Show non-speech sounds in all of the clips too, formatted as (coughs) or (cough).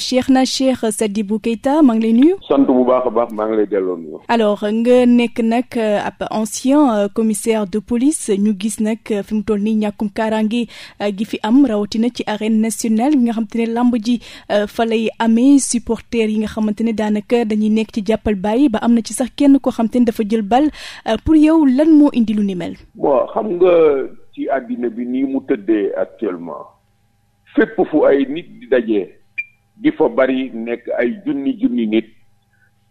Cheikhna Cheikh Sadibou Keita maa ngi lay nuyu. sant bu baax a baax maa ngi lay delloo nuyu. alors nga nekk nag euh, ab ancien euh, commissaire de police ñu gis nag euh, fi mu toll nii ñàkkum kaarange gi fi am rawatina ci arène nationale yi nga xamante ne làmb ji fa lay amee supporters yi nga xamante ne daanaka dañuy nekk ci jàppal bàyyi ba am na ci sax kenn koo xamante ne dafa jël bal pour yow lan moo indi lu ni mel. nga ci àddina bi di fa bari nekk ay junni junni nit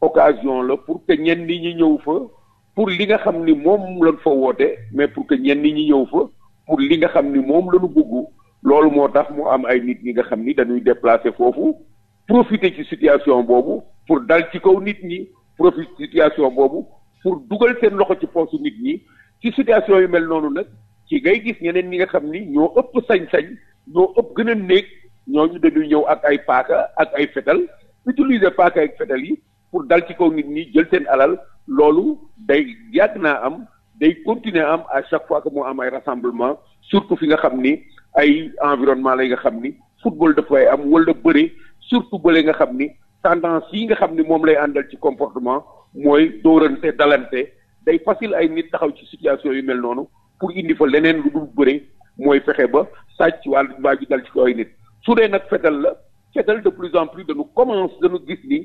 occasion la pour que ñenn ñi ñëw fa pour li nga xam ni moom lañ fa woote mais pour que ñenn ñi ñëw fa pour li nga xam ni moom lañu bëgg loolu moo tax mu am ay nit ñi nga xam ni dañuy déplacer foofu profiter ci situation boobu pour dal ci kaw nit ñi profiter situation boobu pour dugal seen loxo ci poosu nit ñi ci situation yu mel noonu nag ci ngay gis ñeneen ñi nga xam ni ñoo ëpp sañ-sañ ñoo ëpp gën a néeg ñooñu dañuy ñëw ak ay paaka ak ay fetal utiliser paaka ak fetal yi pour dal ci kaw nit ñi jël seen alal loolu day yàgg naa am day continuer am à chaque fois que moo am ay rassemblement surtout fi nga xam ni ay environnement lay nga xam ni football daf koy am wala bëre surtout bële nga xam ni tendance yi nga xam ni moom lay àndal ci comportement mooy dóorante dalante day facile ay nit taxaw ci situation yu mel noonu pour indi fa leneen lu dul bëre mooy fexe ba sàcc wàllu mbaa ji dal ci kaw su dee nag fetal la fetal de plus en plus dañu commence dañu gis ni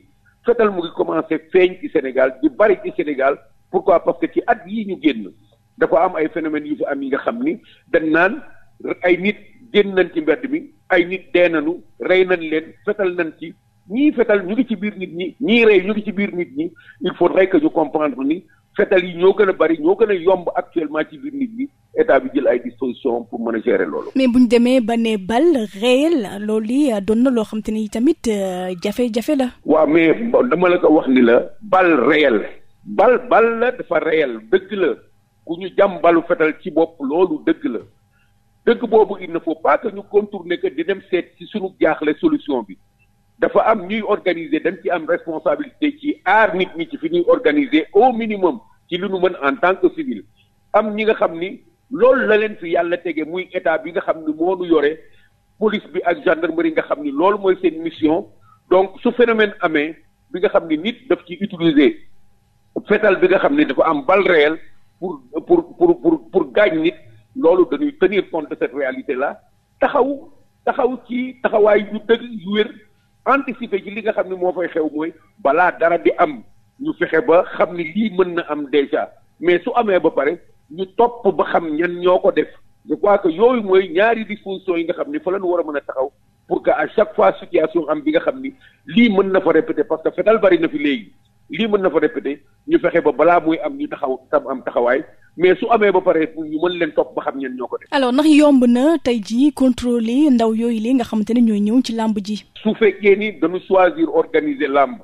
fetal mu ngi commencé feeñ ci Sénégal di bari ci Sénégal pourquoi parce que ci at yii ñu génn dafa am ay phénomènes yu fi am yi nga xam ni dañ naan ay nit génn nañ ci mbedd mi ay nit dee nañu rey nañ leen fetal nañ ci ñii fetal ñu ngi ci biir nit ñi ñii rey ñu ngi ci biir nit ñi il faudrait que ñu comprendre ni fetal yi ñoo gën a bari ñoo gën a yomb actuellement ci biir nit ñi état bi jël ay dispositions pour mën a gérer loolu. mais bu ñu demee ba ne balle réelle loolu yi doon na loo xam te ni tamit euh, jafe-jafe la. waaw mais dama la ko wax ni la. bal réelle. bal bal la dafa réel dëgg la ku ñu jam balu fetal ci bopp loolu dëgg la dëgg boobu il na foofu pas que ñu contourner que di dem seet ci suñu jaaxle solution bi dafa am ñuy organiser dañ ci am responsabilité ci aar nit ñi ci fi ñuy organiser au minimum ci li nu mën en tant que civil am ñi nga xam ni loolu la leen fi yàlla tege muy état bi nga xam ni moo nu yore police bi ak gendarmerie nga xam ni loolu mooy seen mission donc su phénomène amee bi nga xam ni nit daf ci utiliser fetal bi nga xam ni dafa am balle réelle pour pour pour pour pour gaañ nit loolu dañuy tenir compte de cette réalité la taxaw taxaw ci taxawaay yu dëgg yu wér. anticiper ci li nga xam ne moo fay xew mooy balaa dara di am ñu fexe ba xam ni lii mën na am déjà mais su amee ba pare ñu topp ba xam ñan ñoo ko def je crois que yooyu mooy ñaari dispositions yi nga xam ni fa la ñu war a mën a taxaw pour que à chaque fois situation am bi nga xam ni lii mën na fa répéter parce que fetal bari na fi léegi lii mën na fa répéter ñu fexe ba balaa muy am ñu taxaw tam am taxawaay mais su amee ba pare pour ñu mën leen topp ba xam ñeen ñoo ko def. alors ndax yomb na tey jii contrôler ndaw yooyu li nga xamante ne ñooy ñëw ci làmb ji. su fekkee ni dañu choisir organiser làmb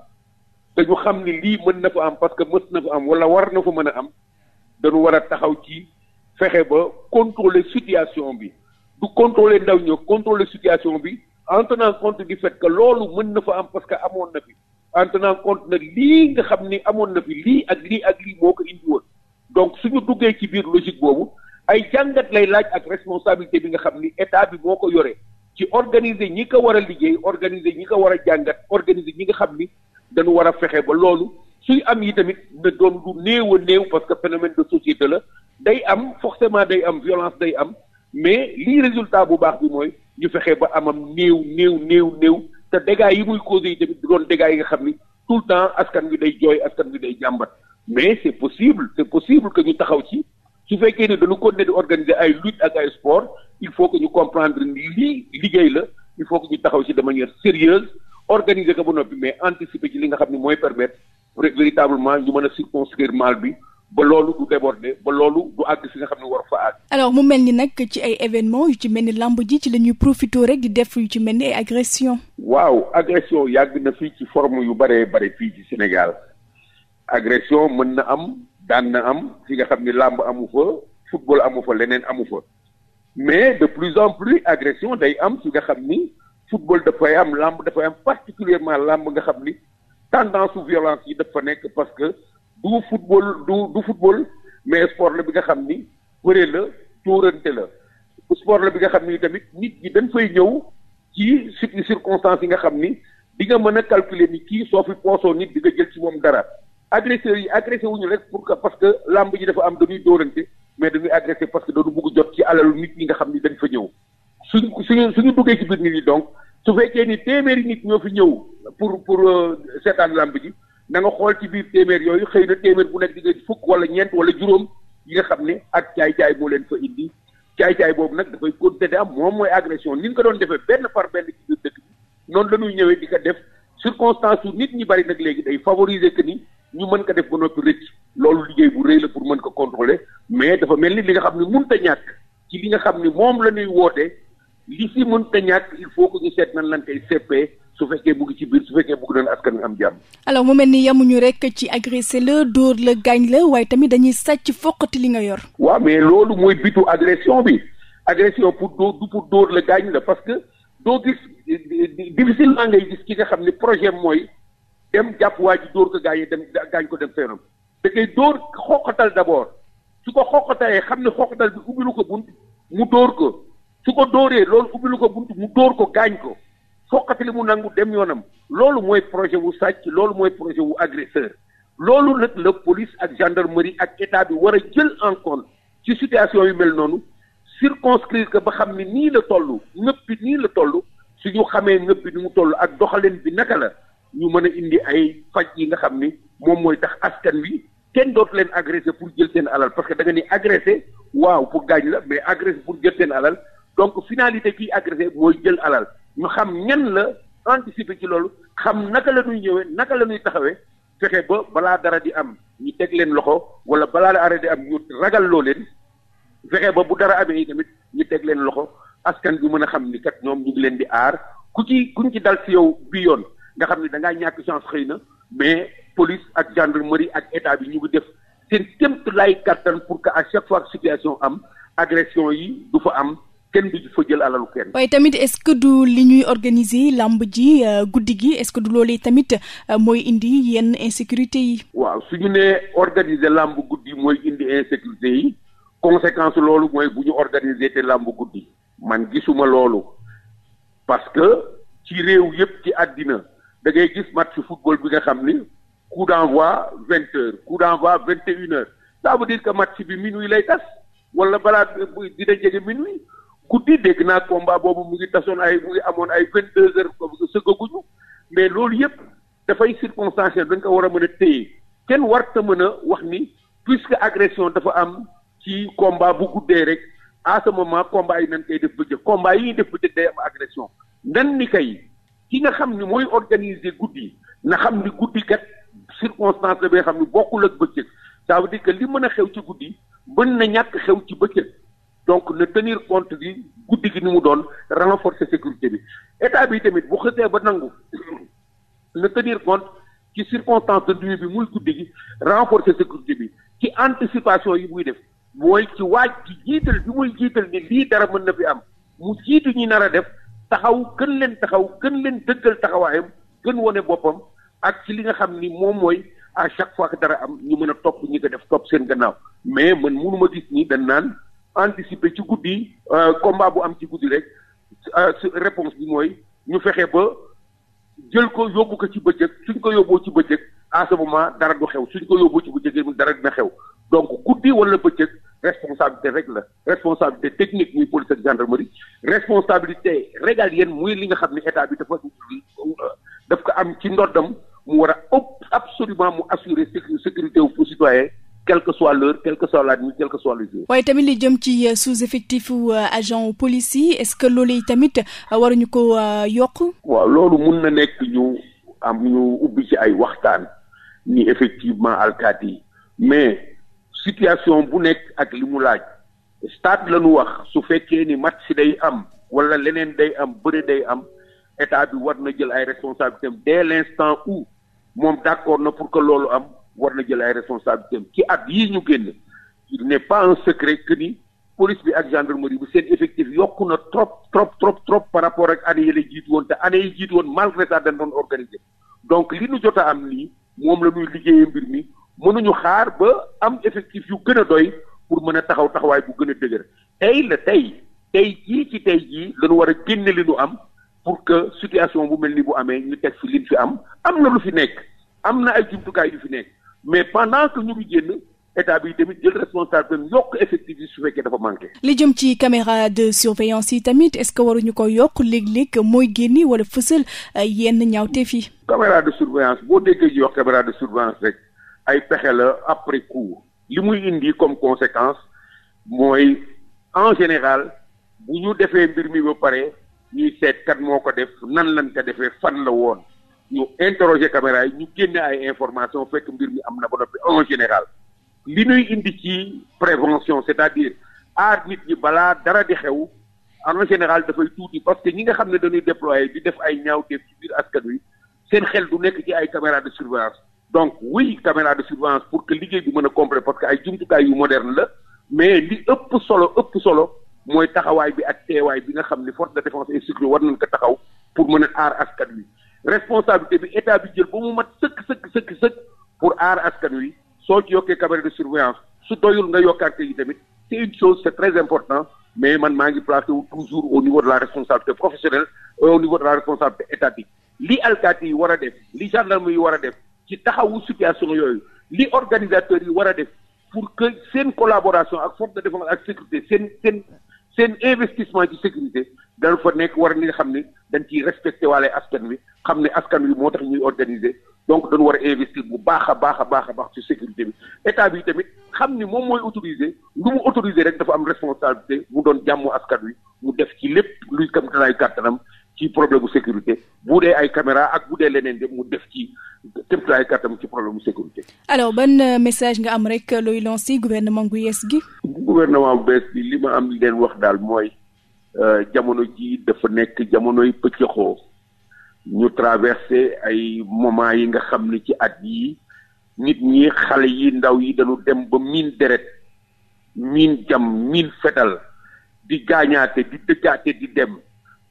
dañu xam ni lii mën na fa am parce que mës na fa am wala war na fa mën a am dañu war a taxaw ci fexe ba contrôler situation bi du contrôler ndaw ñoo contrôler situation bi en tenant compte du fait que loolu mën na fa am parce que amoon na fi en tenant compte nag nga xam ni amoon na fi lii ak lii ak lii moo ko donc suñu duggee ci biir logique boobu ay jàngat lay laaj ak responsabilité bi nga xam ni état bi moo ko yore ci organiser ñi ko war a liggéey organiser ñi ko war a jàngat organiser ñi nga xam ni dañu war a fexe ba loolu suy am yi tamit na doon lu néew a néew parce que phénomène de société la day am forcément day am violence day am mais lii résultat bu baax bi mooy ñu fexe ba amam néew néew néew néew te dégâts yi muy causé yi tamit doon dégâts yi nga xam ni tout le temps askan wi day jooy askan wi day jàmbat mais c' est possible c' possible que ñu taxaw ci su fekkee ne dañu ko di organiser ay lut ak ay sport il faut que ñu comprendre ni lii liggéey la il faut que ñu taxaw ci de manière sérieuse organiser ko ba mais anticiper ci li nga xam ne mooy permettre véritablement ñu mën a circonscrire mal bi ba loolu du déborder ba loolu du àgg si nga xam ne war fa àgg. alors mu mel ni nag ci ay événements yu ci mel ni làmb ji ci la ñuy profité rek di def yu ci mel ni ay waaw agression yàgg na fii ci forme yu bëree bëri fii ci Sénégal. agression mën na am daan na am fi nga xam ni làmb amu fa football amu fa leneen amu fa mais de plus en plus agression day am fi nga xam ni football dafay am làmb dafay am particulièrement làmb nga xam ni tendance u violence yi fa nekk parce que du football du du football mais sport la bi nga xam ni bëre la tóorante la sport la bi nga xam ni tamit nit ñi dañ fay ñëw ci circonstances yi nga xam ni di nga mën a calculer ni kii soo fi poosoo jël ci moom dara agresseurs yi agressé wuñu rek pour que parce que làmb ji dafa am dañuy dóorante mais dañuy agressé parce que dañu bugg jot ci alalu nit ñi nga xam ni dañ fa ñëw suñ suñu suñu duggee ci biir nit ñi donc su fekkee ni téeméeri nit ñoo fi ñëw pour pour euh, seetaan làmb ji na nga xool ci biir téeméer yooyu xëy na téeméer bu nekk di fukk wala ñeent wala juróom yi nga ne ak caay-caay moo leen fa indi caay-caay boobu nag dafay continuer di am moom mooy agression ni ñu ko doon defee benn par noonu la ñëwee di ko def circonstance su nit ñi bari nag léegi day favoriser que ni ñu mën ko def ba noppi rëcc loolu liggéey bu rëy la pour mën ko contrôler mais dafa mel ni li nga xam ne mënut a ñàkk ci li nga xam ne moom la ñuy woote li si mënut a ñàkk il faut que ñu seet nan lañ koy seppee su fekkee mu ci biir su fekkee mu ngi doon askan wi am jàmm. alors mu mel ni yemuñu rek ci agressé la dóor la gaañ la waaye tamit dañuy sàcc foqati li nga yor. waaw mais loolu mooy bitu agression bi agression pour du pour dóor la gaañ la parce que doo gis difficilement ngay ki nga xam ne projet mooy. dem jàpp waa ji dóor ko gaañ yi dem gaañ ko dem seenam da ngay dóor xoqatal d'abord su ko xoqatalee xam ne xoqatal bi ubbilu ko bunt mu dóor ko su ko dooree loolu ubbilu ko bunt mu dóor ko gaañ ko xoqatali mu nangu dem yoonam loolu mooy projet wu sàcc loolu mooy projet wu agresseur loolu nag la police ak gendarmerie ak état bi war a jël en ci situation yu mel noonu circonscrire que ba xam ni nii la tollu ñëpp bi nii la toll suñu xamee ñëpp bi ni mu toll ak doxalin bi naka la ñu mën a indi ay faj yi nga xam ni moom mooy tax askan wi kenn dootu leen agressé pour jël seen alal parce que da ni agressé waaw pour gaañ la mais agressé pour jël seen alal donc finalité kiy agressé mooy jël alal ñu xam ñan la anticiper ci loolu xam naka la ñuy ñëwee naka la ñuy taxawee fexe ba balaa dara di am ñu teg leen loxo wala balaa dara di am ñu ragal loo leen fexe ba bu dara amee tamit ñu teg leen loxo askan bi mën a xam ni kat ñoom ñu ngi leen di aar ku ci kuñ ci dal si yow bi yoon nga xam ne da ngaa ñàkk chance xëy na mais police ak gendarmerie ak état bi ñu ngi def seen kémt lay kàttan pour que à chaque fois situation am agression yi du fa am kenn du fa jël alalu kenn. waaye tamit est-ce que du li ñuy organiser làmb ji euh, guddi gi est-ce que du loolee tamit euh, mooy indi yenn insécurité yi. waaw su ñu nee organiser làmb guddi mooy indi insécurité yi conséquence loolu mooy bu ñu organiser te làmb guddi man gisuma loolu parce que ci réew yëpp ci àddina da ngay gis match football bi nga xam ni coup d'envoi vingt heures coup d'envoi vingt heures ça veut que match bi minuit lay tas wala balaa dina jege minuit guddi dégg naa combat boobu mu ngi tasoon ay mu ngi amoon ay vingt deux heures sëggaguñu mais loolu yëpp dafay circonstance dañ ko war a mën a téye kenn warta mën a wax ni puisque agression dafa am ci combat bu guddee rek à ce moment combat yi nañ koy def bëccëg combat yi ñuy ki nga xam ni mooy organiser guddi na xam ni guddi kat circonstance la bee xam ni bokkul ak bëccëg ça veut dire que li mën a xew ci guddi mën na ñàkk xew ci bëccëg donc na tenir compte gi guddi gi ni mu doon renforcer sécurité bi état bi tamit bu xësee ba nangu (coughs) na tenir compte ci circonstance de nuit bi muy guddi gi renforcer sécurité bi ci anticipation yi muy def mooy ci waaj ci jiital bi muy jiital ni lii dara mën na fi am mu jiitu ñi nar a def taxaw gën leen taxaw gën leen dëggal taxawaayam gën wane boppam ak ci li nga xam ni moom mooy à chaque fois que dara am ñu mën a topp ñi ko def topp seen gannaaw mais man munuma ma gis ni dañ naan anticiper ci guddi euh, combat bu am ci guddi rek euh, réponse bi mooy ñu fexe ba jël ko yóbbu ko ci bëccëg suñ ko yóbboo ci bëccëg à ce moment dara du xew suñ ko yóbboo ci bëccëg dara dina xew donc guddi wala bëccëg. responsabilité rek la responsabilité technique muy police ak gendarmerie responsabilité régalienne muy li nga xam ne état bi dafa daf ko am ci ndoddam mu war a ëpp absolument mu assurer sécurité wu citoyen quel que soit l'heure quel que soit la nuit quel que soit le jour. waaye tamit li jëm ci euh, sous-effectif euh, agent police yi est-ce que loolu yi tamit euh, waruñu ko yokk. waaw loolu mun na nekk ñu am ñu ubbi ci ay waxtaan ni effectivement alkaati yi mais. situation bu nekk ak li mu laaj stade la ñu wax su fekkee ni match si day am wala leneen day am bëre day am état bi war na jël ay responsabilités dès l'instant où moom d'accord na pour que loolu am war na jël ay responsabilités ki at yii ñu génn il n'est pas un secret que ni police bi ak gendarmerie bi seen effectif yokku na trop trop trop trop par rapport ak année yi la jiitu woon te année yi jiitu woon malgré ça dañ doon organiser donc li ñu jot a am nii moom la ñuy liggéeyee mbir mi mënuñu xaar ba am effectif yu gën a doy pour mën a taxaw taxawaay bu gën a dëgër tey la tey tey jii ci tey jii lañu war a génne li ñu am pour que situation bu mel ni bu amee ñu teg fi liñ fi am am na lu fi nekk am na ay jumtukaay yu fi nekk mais pendant que ñu ngi génn état bi tamit jël responsable yokk effectif yi su fekkee dafa manqué. li jëm ci caméra de surveillance yi tamit est-ce que waruñu ko yokk léeg-léeg mooy génni wala fësal yenn ñaawteef yi. caméra de surveillance boo déggee ji wax caméra de surveillance rek ay pexe la après coup li muy indi comme conséquence mooy en général bu ñu defee mbir mi ba pare ñuy seet kat moo ko def nan lañ ko defee fan la woon ñu interroger caméra yi ñu génne ay information fekk mbir mi am na ba noppi en général li ñuy indi ci prévention c'est-à-dire aar nit ñi balaa dara di xew en général dafay tuuti parce que ñi nga xam ne dañuy déployer di def ay ñaaw def ci biir askan wi seen xel du nekk ci ay caméra de surveillance donc oui caméra de surveillance pour que liggéey bi mën a compléter parce que ay jumtukaay yu moderne la mais li ëpp solo ëpp solo mooy taxawaay bi ak teewaay bi nga xam ni force de défense et sécurité war nañ ko taxaw pour mën a aar askan wi responsabilité bi état bi jël ba mu mat sëkk sëkk sëkk sëkk pour aar askan wi soo yokkee caméra de surveillance su doyul nga yokkaat yi tamit c'est une chose c'est très important mais man maa ngi placé wu toujours au niveau de la responsabilité professionnelle au niveau de la yi war a def li gendarme yi war a def ci taxawu situation yooyu li organisateurs yi war a def pour que seen collaboration ak force de défense ak sécurité seen seen seen investissement ci sécurité dana fa nekk war ni nga xam ne dañ ciy respecté waale askan wi xam ne askan wi moo tax ñuy organiser donc dañu war a investir bu baax a baax a baax a baax ci sécurité bi état bi tamit xam ni moom mooy autorisé lu mu autorisé rek dafa am responsabilité mu doon jàmm askan wi mu def ci lépp luy kam talaayu kàttanam ci problème mu sécurité bu dee ay caméra ak bu dee leneen de mu def ci tëbtaay kàttam ci problème mu sécurité. alors ban euh, message nga am rek euh, looy lancé gouvernement gu yees gi. gouvernement bu bees bi li ma am leen wax daal mooy euh, jamono ji dafa nekk jamonoy pëccëxoo ñu traversé ay moment yi nga xam ne ci at yi nit ñi xale yi ndaw yi dañu dem ba miin deret miin jam miin fetal di gaañaate di dëkkaate di dem.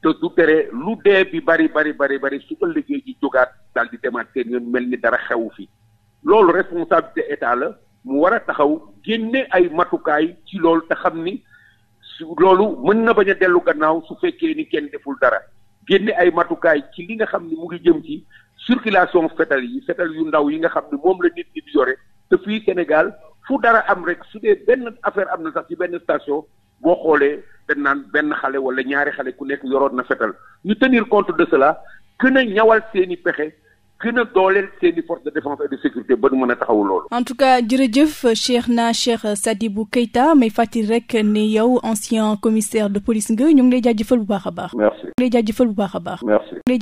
te du tere lu dee bi bari bari bari bari su ëllëgee ji jógaat daal di demaat seen yoon mel ni dara xewu fi loolu responsabilité état la mu war a taxaw génne ay matukaay ci loolu te xam ni su loolu mën na bañ a dellu gannaaw su fekkee ni kenn deful dara génne ay matukaay ci li nga xam ni mu ngi jëm ci circulation fetal yi fetal yu ndaw yi nga xam ni moom la nit ñi di yore te fii Sénégal fu dara am rek su dee benn affaire am na sax ci benn station boo xoolee dañ naan benn xale wala ñaari xale ku nekk yoroon na fetal ñu tenir compte de cela gën a ñawal seeni pexe gën a dooleel seeni force de défense et de sécurité ba nu mën a taxawu loolu. en tout cas jërëjëf Cheikhna Cheikh Sadibou Keita may fàttali rek ni yow ancien commissaire de police nga ñu ngi lay jaajëfal bu baax a baax. merci ñu bu baax a baax. merci.